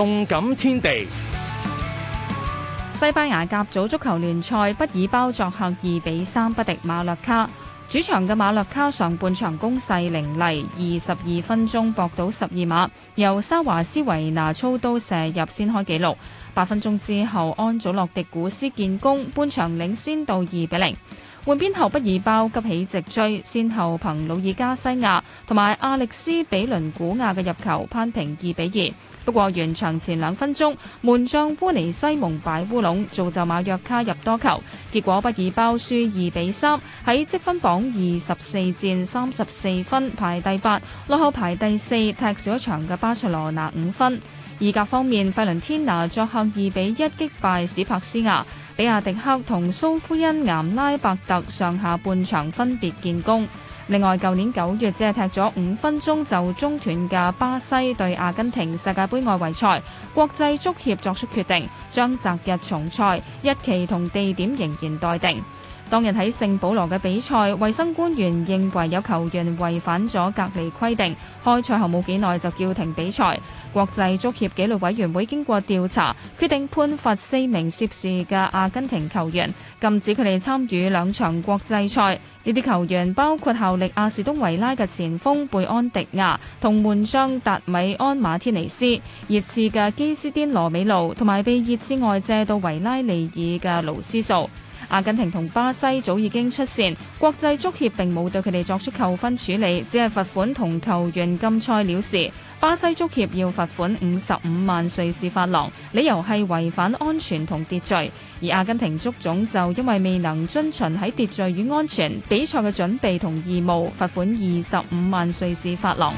動感天地，西班牙甲組足球聯賽，畢爾包作客二比三不敵馬略卡。主場嘅馬略卡上半場攻勢凌厲，二十二分鐘搏到十二碼，由沙華斯維拿操刀射入先開紀錄。八分鐘之後，安祖洛迪古斯建功，半場領先到二比零。換邊後，畢爾包急起直追，先後憑魯爾加西亞同埋阿歷斯比倫古亞嘅入球，攀平二比二。不過，完場前兩分鐘，門將烏尼西蒙擺烏龍，造就馬略卡入多球，結果畢爾包輸二比三。喺積分榜，二十四戰三十四分，排第八，落後排第四踢少一場嘅巴塞羅那五分。意甲方面，費倫天拿作客二比一擊敗史柏斯牙，比亞迪克同蘇夫恩岩拉伯特上下半場分別建功。另外，舊年九月只係踢咗五分鐘就中斷嘅巴西對阿根廷世界盃外圍賽，國際足協作出決定，將擇日重賽，日期同地點仍然待定。當日喺聖保羅嘅比賽，衞生官員認為有球員違反咗隔離規定，開賽後冇幾耐就叫停比賽。國際足協紀律委員會經過調查，決定判罰四名涉事嘅阿根廷球員，禁止佢哋參與兩場國際賽。呢啲球員包括效力阿士東維拉嘅前鋒貝安迪亞，同門將達米安馬天尼斯，熱刺嘅基斯丁羅美路，同埋被熱刺外借到維拉利爾嘅勞斯素。阿根廷同巴西早已經出線，國際足協並冇對佢哋作出扣分處理，只係罰款同球員禁賽了事。巴西足協要罰款五十五萬瑞士法郎，理由係違反安全同秩序；而阿根廷足總就因為未能遵循喺秩序與安全比賽嘅準備同義務，罰款二十五萬瑞士法郎。